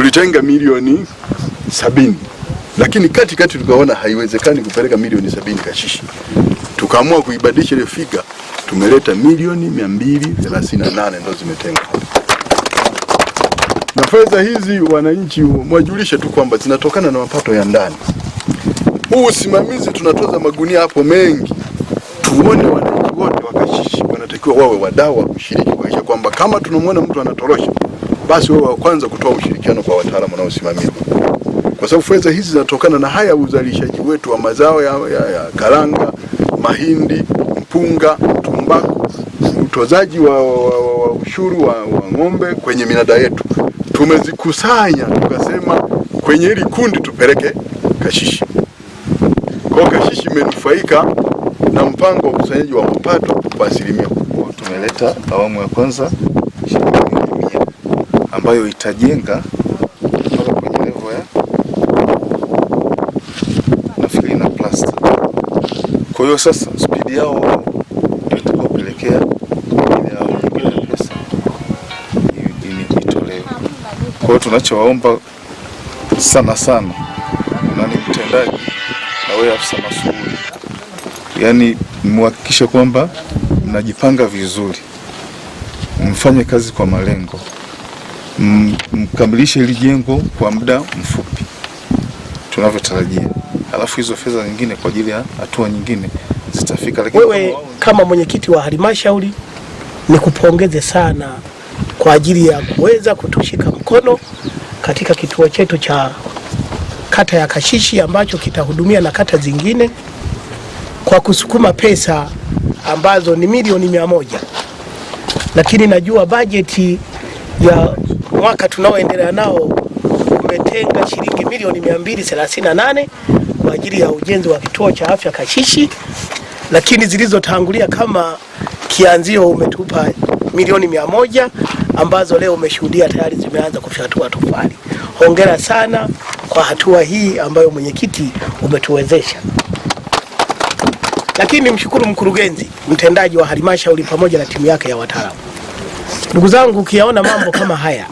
tulitenga milioni sabini lakini kati kati tukaona haiwezekani kupeleka milioni sabini Kashishi, tukaamua kuibadilisha ile figa, tumeleta milioni mia nane ndo zimetengwa na fedha hizi wananchi mwajulishe tu kwamba zinatokana na mapato ya ndani. Huu usimamizi tunatoza magunia hapo mengi, tuone wananchi wote wa Kashishi wanatakiwa wawe wadau wa kushiriki kuhakikisha kwamba kama tunamwona mtu anatorosha basi wewe wa kwanza kutoa ushirikiano kwa wataalamu wanaosimamia, kwa sababu fedha hizi zinatokana na haya uzalishaji wetu wa mazao ya, ya, ya karanga, mahindi, mpunga, tumbaku, utozaji wa, wa, wa ushuru wa, wa ng'ombe kwenye minada yetu. Tumezikusanya tukasema kwenye hili kundi tupeleke Kashishi. Kwa Kashishi imenufaika na mpango wa ukusanyaji wa mapato kwa asilimia. Tumeleta awamu ya kwanza ambayo itajenga mpaka kwenye levo ya nafikiri na plaster. Kwa hiyo sasa spidi yao itakopelekea ile pesa Kwa hiyo tunachowaomba sana sana, na ni mtendaji na wewe afisa masuuli, yaani muhakikishe kwamba mnajipanga vizuri, mfanye kazi kwa malengo mkamilishe hili jengo kwa muda mfupi tunavyotarajia, alafu hizo fedha nyingine kwa ajili ya hatua nyingine zitafika. Lakini wewe kama mwenyekiti wa halmashauri, nikupongeze sana kwa ajili ya kuweza kutushika mkono katika kituo chetu cha kata ya Kashishi ambacho kitahudumia na kata zingine kwa kusukuma pesa ambazo ni milioni mia moja, lakini najua bajeti ya mwaka tunaoendelea nao umetenga shilingi milioni 238 kwa ajili ya ujenzi wa kituo cha afya Kashishi, lakini zilizotangulia kama kianzio umetupa milioni mia moja ambazo leo umeshuhudia tayari zimeanza kufyatua tofali. Hongera sana kwa hatua hii ambayo mwenyekiti umetuwezesha. Lakini mshukuru mkurugenzi mtendaji wa halmashauri pamoja na timu yake ya wataalamu. Ndugu zangu, ukiyaona mambo kama haya,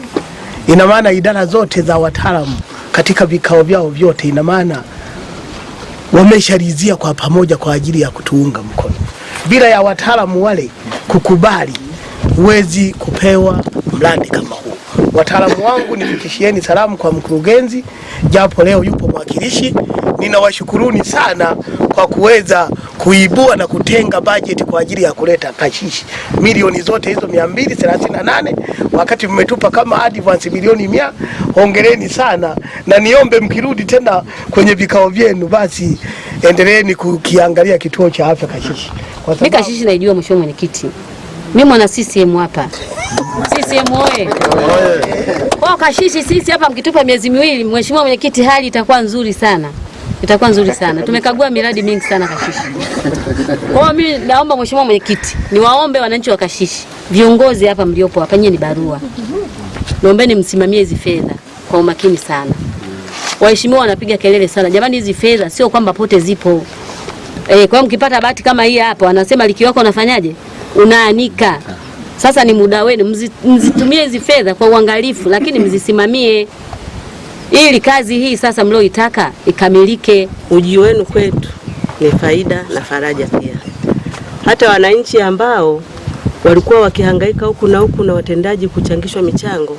ina maana idara zote za wataalamu katika vikao vyao vyote, ina maana wameshalizia kwa pamoja kwa ajili ya kutuunga mkono. Bila ya wataalamu wale kukubali, huwezi kupewa mradi kama huu. Wataalamu wangu nifikishieni salamu kwa mkurugenzi, japo leo yupo mwakilishi. Ninawashukuruni sana kwa kuweza kuibua na kutenga bajeti kwa ajili ya kuleta kashishi milioni zote hizo 238 wakati mmetupa kama advance milioni mia. Hongereni sana, na niombe mkirudi tena kwenye vikao vyenu, basi endeleeni kukiangalia kituo cha afya Kashishi. Kwa sababu kashishi naijua, mheshimiwa mwenyekiti mimi mwana CCM hapa CCM oye! Kwa kashishi sisi hapa mkitupa miezi miwili, mheshimiwa mwenyekiti, hali itakuwa nzuri sana itakuwa nzuri sana. Tumekagua miradi mingi sana Kashishi. Kwa hiyo mimi naomba mheshimiwa mwenyekiti, niwaombe wananchi wa Kashishi, viongozi hapa mliopo hapa, nyinyi ni barua, naombeni msimamie hizi fedha kwa umakini sana. Waheshimiwa wanapiga kelele sana jamani, hizi fedha sio kwamba pote zipo. E, kwa mkipata bahati kama hii hapo, anasema likiwako unafanyaje? unaanika. Sasa ni muda wenu, mzitumie hizi fedha kwa uangalifu, lakini mzisimamie ili kazi hii sasa mlioitaka ikamilike. Uji wenu kwetu ni faida na faraja pia, hata wananchi ambao walikuwa wakihangaika huku na huku na watendaji kuchangishwa michango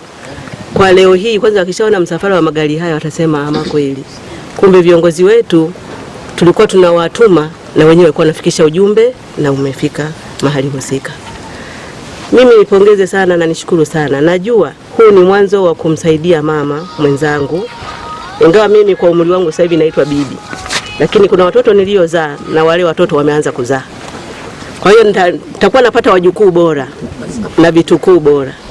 kwa leo hii, kwanza wakishaona msafara wa magari haya watasema ama kweli, kumbe viongozi wetu tulikuwa tunawatuma, na wenyewe walikuwa wanafikisha ujumbe na umefika mahali husika. Mimi nipongeze sana na nishukuru sana, najua huu ni mwanzo wa kumsaidia mama mwenzangu, ingawa mimi kwa umri wangu sasa hivi naitwa bibi, lakini kuna watoto niliozaa na wale watoto wameanza kuzaa, kwa hiyo nitakuwa napata wajukuu bora na vitukuu bora.